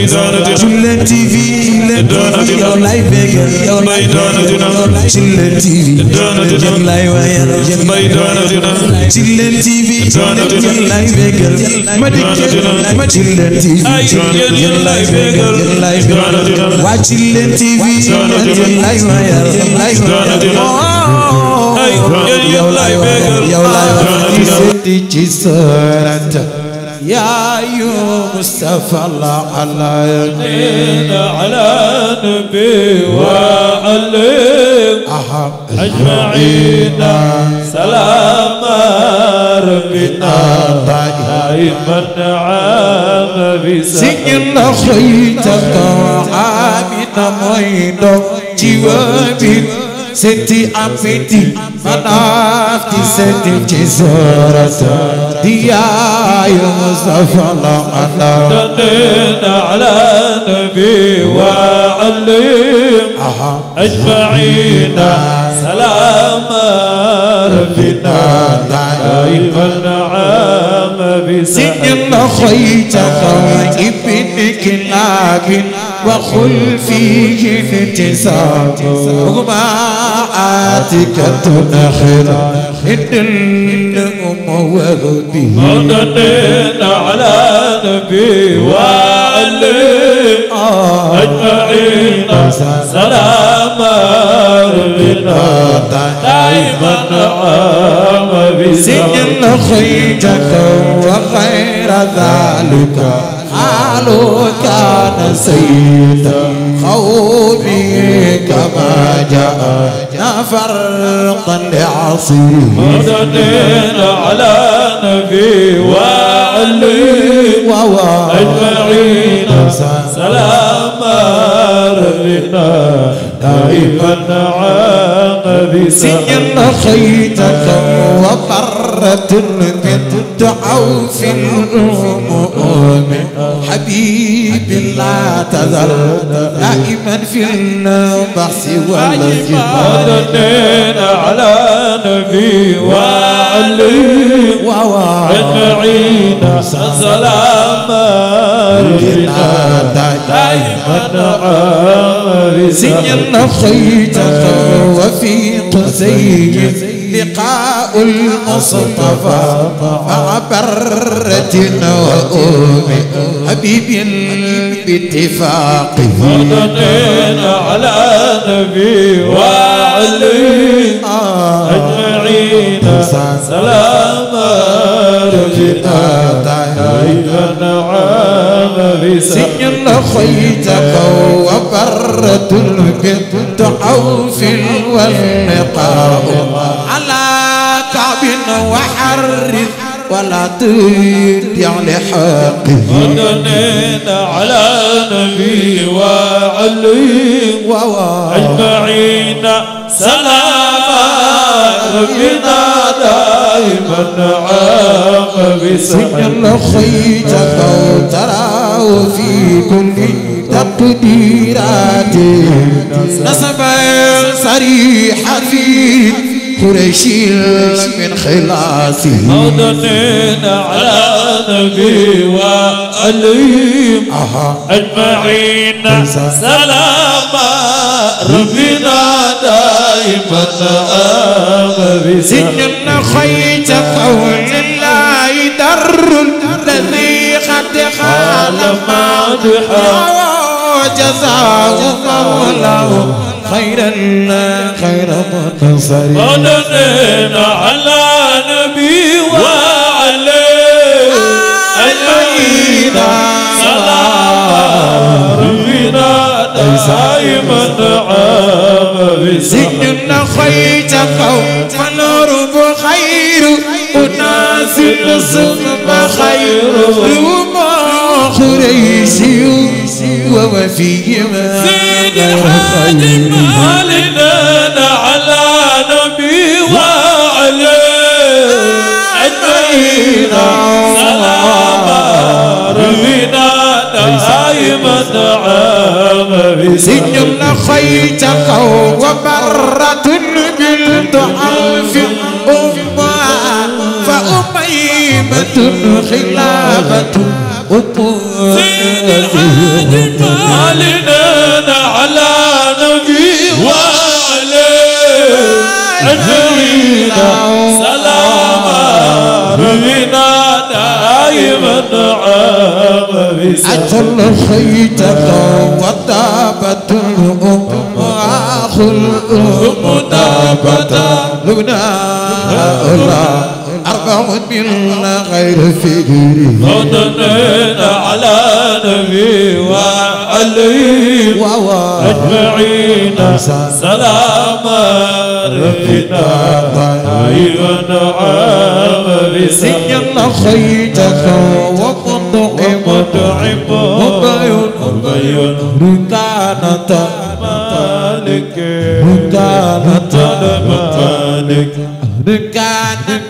may doonati na Jullit TV doonati na yow lay bégal yow may doonati na Jullit TV doonati na yow lay wayal may doonati na Jullit TV doonati na yow lay bégal ma dikkee ma Jullit TV ay yéen yéen lay bégal doonati na waa Jullit TV doonati na yow lay wayal lay wayal ay yow lay bégal yow lay wayal ci sërata يا أيوب مصطفى الله يمين على نبي وعليك أجمعين سلام ربنا دائما عام بسلام سجل خيتك وعامنا ميدو جوابي Senti appeti Manafti senti ci ديا يا مصطفى الله الله دلنا على النبي وعلم أجمعين سلام ربنا طيب النعام بسعيد الله خيت خائب بنك لكن وخل فيه انتصار طاعتك تنخر إن أم وهدي مددين على نبي وعلي أجمعين سلام ربنا دائما عام بسجن خيجك وخير ذلك حالك نسيت خوفي كما جاء نفرقا لعصيه مددين على نبي وعلي أجمعين سلام ربنا دائما عاقبنا سجن خيتك وفرت دعوا في الأمم حبيبي لا تذر دائما في النبح والجهاد دين على نبي وعلي ونعيد سلام ربنا دائما زينا خيتك وفي قصي لقاء المصطفى وعبرة وأمي حبيب باتفاقي فضلنا على نبي وعلي أجمعين سلام رجنا دايما عام في سجن خيتك وبرة البنت عوف واللقاء على كعب وحرث ولا على يعني حقه وننينا على نبي وعلي أجمعين سلاما ربنا دائما عاقب سجن خيت فوتراه في كل تقديراتي نسبا صريحة في قريشي من خلاصي حضنين على نبي وأليم أجمعين سلاما ربنا دائما آمين سجن خيط فوز لا يدر الذي قد خالف مادحا وجزاه مولاه خير خير منصرين وننا على نبي وعليه أجمعين صلاة دائما عام سيدنا خيت قوم فالعرب خير وناس الصدق خير رب خريشي راسي ووفي ما سيد الحاج مالنا على نبي وعليه أجمعين سلاما ربنا دائما نعم سجن لخيت ومرة قلت ألف أمة فأميمة خلافة أمة علينا على نبي وعليه نبينا سلاما نبينا دائما عام نعم أجل خيتك وطابت الأمة أخو الأمة نابت لنا أعوذ بالله غير سيدي ردنا على نبي وعلي أجمعين سلاما رفيتا طيبا نعم سيدي الله خيتك وقطعم مبين مبين رتانا مالك رتانا مالك رتانا مالك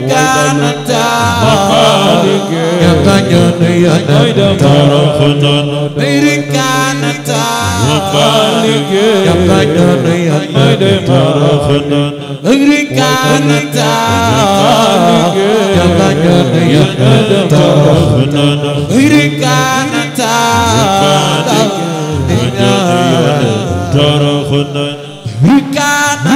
كانتا يقين ينترفضا غير كانتا يقين ينترفضا غير كانتا يقين ينترفضا غير كانتا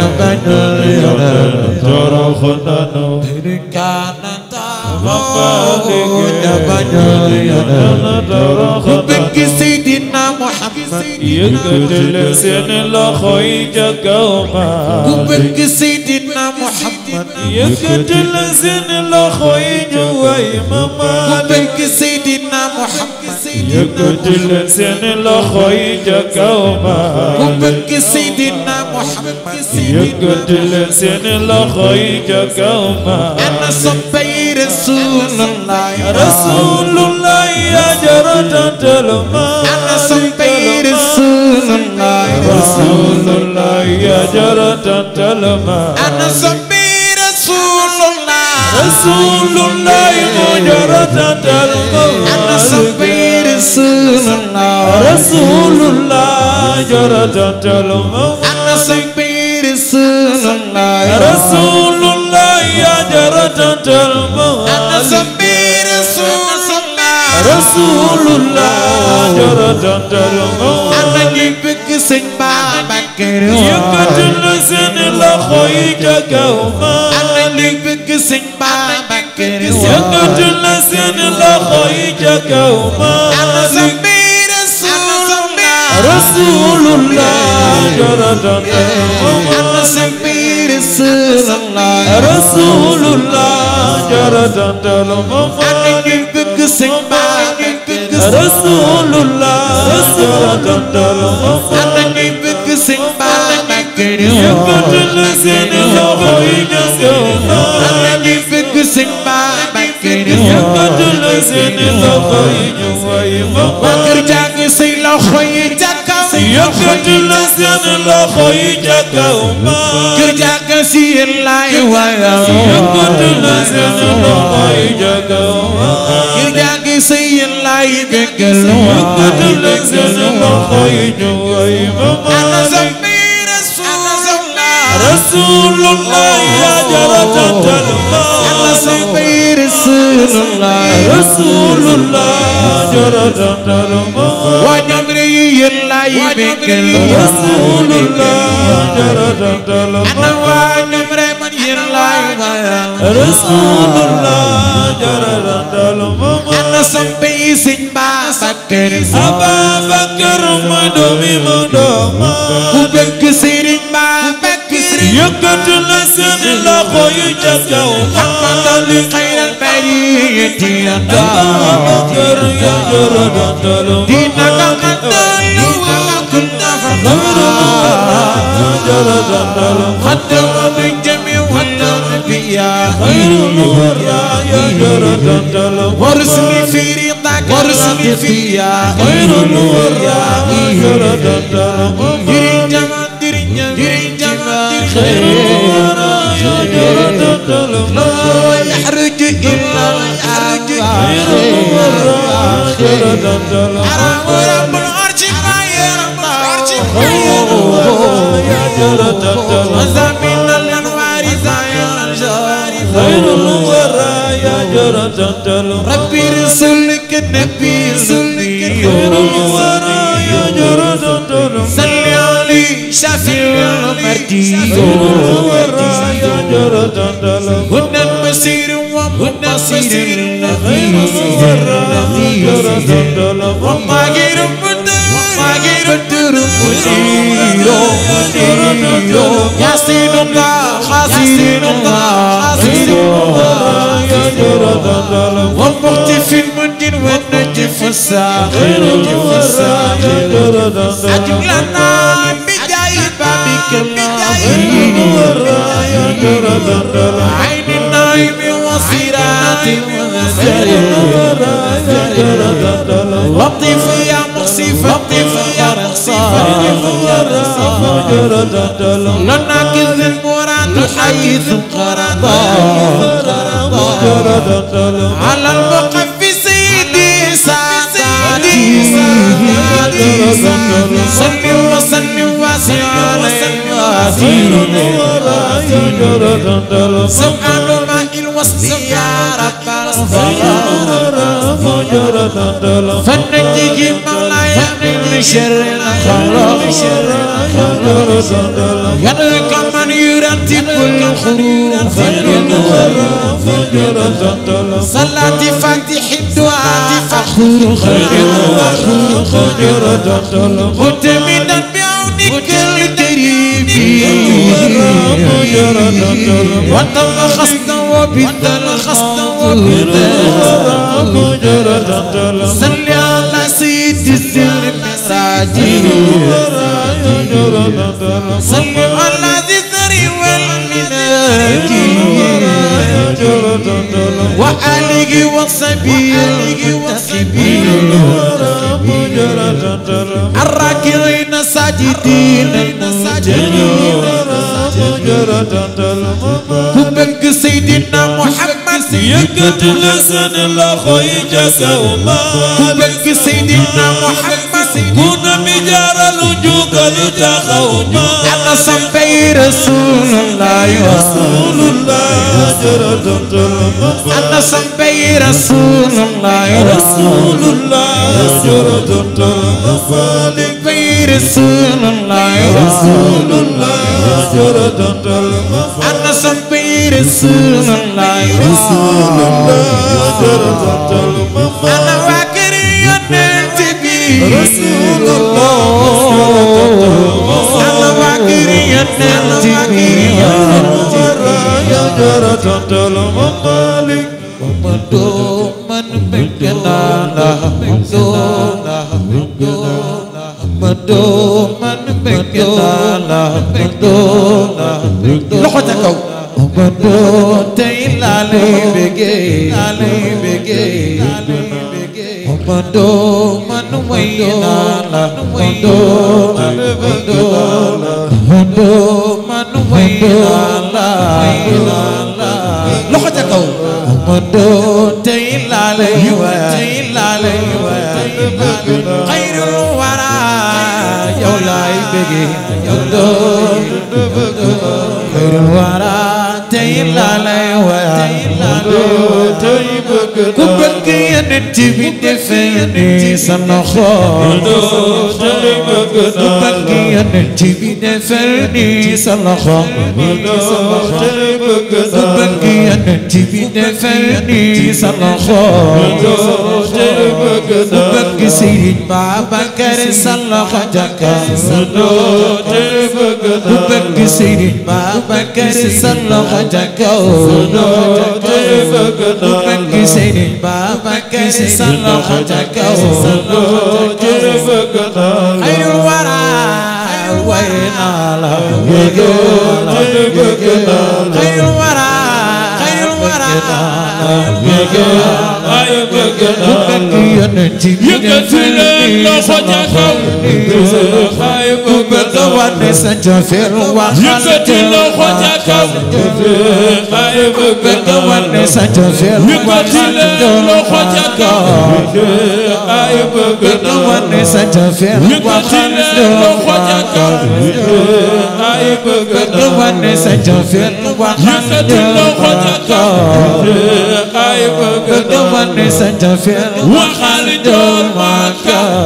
yëkkatale seen loxo yi ca kaw maa. ku bëgg Seydina Muhammad. yëkkatale seen loxo yi ñu way ma maale. ku bëgg Seydina Muhammad. yëkkatale seen loxo yi ca kaw maa. ku bëgg yëkkati leen seeni loxo yi ca kaw ma ana soppe yi rasulullah rasulullah ya jarata talma ana soppe yi rasulullah rasulullah ya jarata talma ana soppe yi rasulullah rasulullah ya jarata talma ana soppe yi rasulullah rasulullah jarata talma رسول الله يا جرة الموالي أنا سمي رسول الله رسول الله جرة الموالي أنا لبك سنبا بكر يبتل سن لخويك كوما أنا لبك سنبا بكر يبتل سن لخويك كوما أنا سمي رسول الله رسول الله جرة الموالي rasulullah jaradandal Muhammad bëgg sëñ Mbàkke bëgg rasulullah jaradandal Muhammad bëgg sëñ Mbàkke yëkkatal seen loxo yi ñëw bëgg sëñ Mbàkke yëkkatal seen loxo yi ñëw yëkkati na seen loxo yi jàkka umma kër jàkka si yéen laay waayam yëkkati na seen loxo yi jàkka umma kër jàkka si yéen laay bégal yëkkati na seen loxo yi jàkka umma ana zambi rasulullah rasulullah ya jarata talma ana zambi rasulullah rasulullah jarata talma بك رسول الله أنا وعد من يلا رسول الله جرد أنا سبي سن بابكر أبا بكر مدومي مدوما وبك سيرين بابكر يكت نسن لخو يجاكو حمد لخير البرية يا بكر يا جرد دينك خدر بالجميع والأنبياء خير نور يا جرد وارسلي في رضاك وارسلي فيا خير نور يا جرد جري وزا من الانوار زايا خير الورى يا جرة ربي رسولك النبي سندي خير الورى يا جرة صلي علي شافي المردي خير الورى يا جرة هنا المسير وهنا مسير خير الورى يا جرة وما غير من إيرو إيرو ياسين الله حسين الله حسين الله والموت في المنجن والنجف الساخر أجب لنا بجايبا بك الله عين النايم وصراط لنا كذب مراد حيث قرض على الوقف في سيدي سادتي سمي وسمي واسي علي واسي سمعان ما إن وصلي يا رب الفجر فنجي مولاي شر الخلق يلك من يرتب الخروف صلاة فاتح الدعاء خير خير قلت من بعونك الكريم وطم خصنا وبدل خصنا وبدل صلي على سيد الزلمه ساجد صل على ذكر والمناك وعليه وصبي وصبي الراكعين ساجدين ساجدين yëkkati la seen loxo yi ca kaw maam ku bëgg Seydina Muhammad ku na mi jaaralu njukkal taxaw ñu ana soppay Rasulullah Rasulullah jërë tontal ma ana soppay Rasulullah Rasulullah jërë tontal ma faali bay Rasulullah Rasulullah jërë tontal ma رسول الله رسول الله درجة المفاتيح أنا واكري ينتبي رسول الله أنا واكري ينتبي يا درجة المفاتيح ومدوم من بكنا مدونا مدونا مدوم من بكنا مدونا لحظة كوكب Omando tey laale bégé laale bégé Omando man wey naa la Omando man wey naa la Omando man wey naa la loxo ca kaw Omando tey laale waay tey laale waay wara yow laay bégé Omando xayrul wara tey laa lay waral ma doo tey bëgg naa ku bëgg yonent bi defee nii sa loxo. ma doo tey bëgg naa la ku bëgg yonent bi defee nii sa loxo. ma doo tey bëgg naa la ku bëgg yonent bi defee nii sa loxo. ma doo tey bëgg naa la ku bëgg Serigne Babacar sa loxo jàkka. ma doo tey bëgg bu bëgg Sëriñ Babacar sa loxo ca kaw bu bëgg Sëriñ Babacar sa loxo ca kaw ayul wara way naa la ayul wara ayul wara yëkkati leen loxo ca kaw wane sa jofir wax yëkkati loxo ca kaw ay bëgg nga wane sa jofir yëkkati loxo ca kaw ay bëgg nga wane sa jofir yëkkati loxo ca kaw ay bëgg nga wane sa jofir yëkkati loxo ca kaw ay bëgg nga wane sa jofir waxal doon ma kaw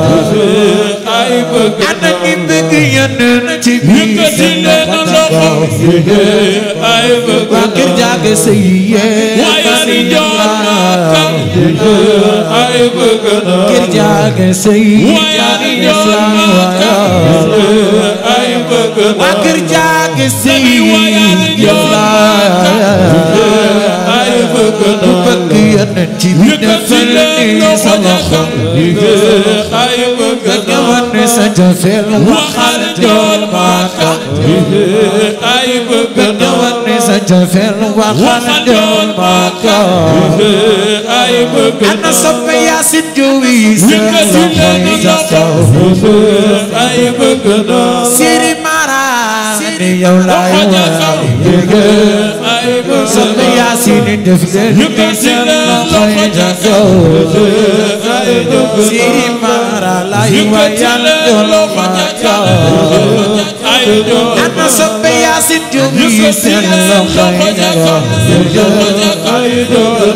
ay bëgg génn na ci biir Bakir Diagne sëy yee Bakir Diagne sëy Bakir Diagne sëy yee Bakir Diagne sëy جزل وخر جول ما أي بدور سجفر وخر جول ما أي بدور أنا سب ياسين جويس أي بدور سيري مارا يو لا يو أي بدور سب ياسين دفدر يكسر لخرج simaara lay wayal jol ma kaw ana soppe yaasin jumi seen loxo ya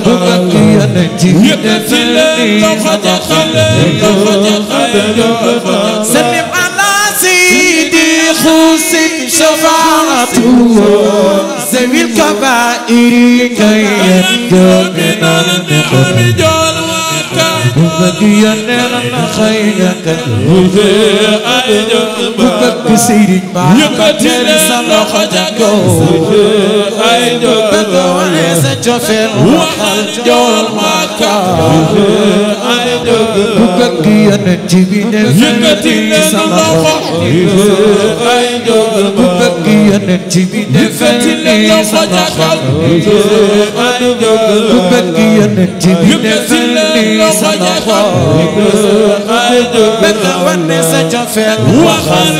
dugal ki yana ji defini sama xal sallim ala sidi xusin shafaatu zawil kabairi kay yan jomina ومديا نرنا خيرك وكك سيدي معك ترسى لخجك وكك وعيس جفر وخجول معك وكك ينجي من الفيل سمخ وكك yonent bi defal ni sama xol ku bëgg yonent bi defal ni sama xol bëgg wane sa cofeel waxal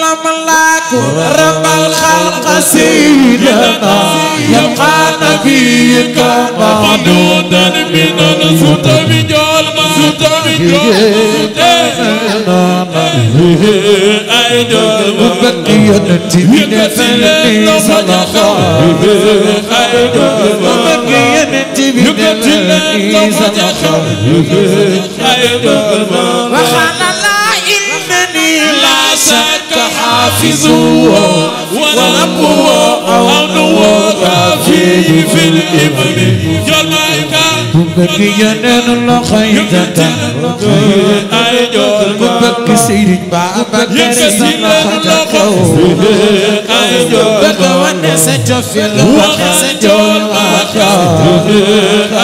la ma laa ko سيدنا يبقى نبيك وحدودا من السلطة بجعلنا سلطة بجعلنا وبقيت من الفن صدقة وبقيت من الفن صدقة وقال لا إنني لا شك حافظه وربه أرضه كافيه في الإبن جمعك بكي ينن الله خيدة أيجول بكي سيري بابا كريسا الله خيدة أيجول بكي ونسجف يلوخ سجول أخيدة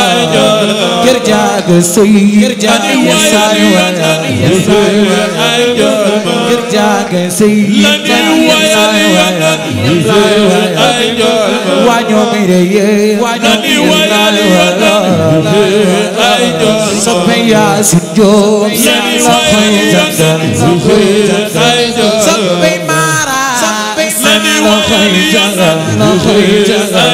kër jaago sëy kër jaago yasaay waay yasaay waay kër jaago sëy yasaay waay yasaay waay waañu mi reye waañu mi yasaay waay soppe yaa si joom soppe yaa soppe mara soppe mara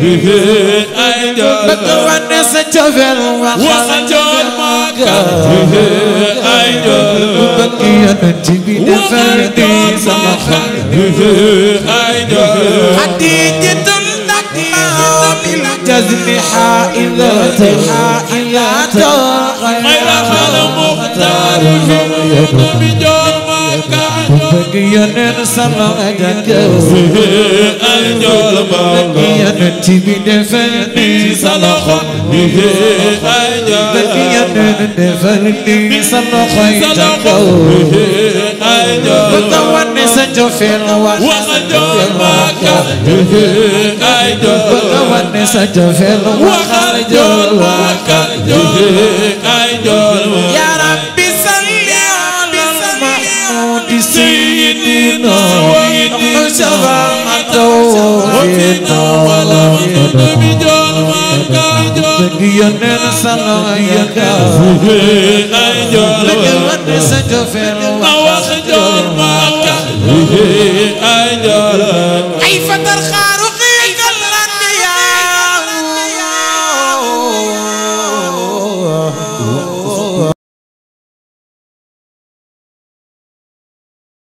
ay joor bëgg wane sa cofeel waxal màggal ay joor bëgg yonent bi defal di sama xol ay joor xadiijatul naqmaa bil jazmi xaailati xaailata xayra xala muxtaar bëgg yoneen sala ajakëw al njool bamba yoneen ci bi defal ni sa loxo al njool bëgg yoneen defal ni sa loxo yi takaw al njool bu tawan ni sa jofeel wax sa jofeel waka al njool bu tawan ni sa jofeel wax sa jofeel waka bi jool maan kaa jool gi yónneen sanga ya kaa fuufee ay jool wan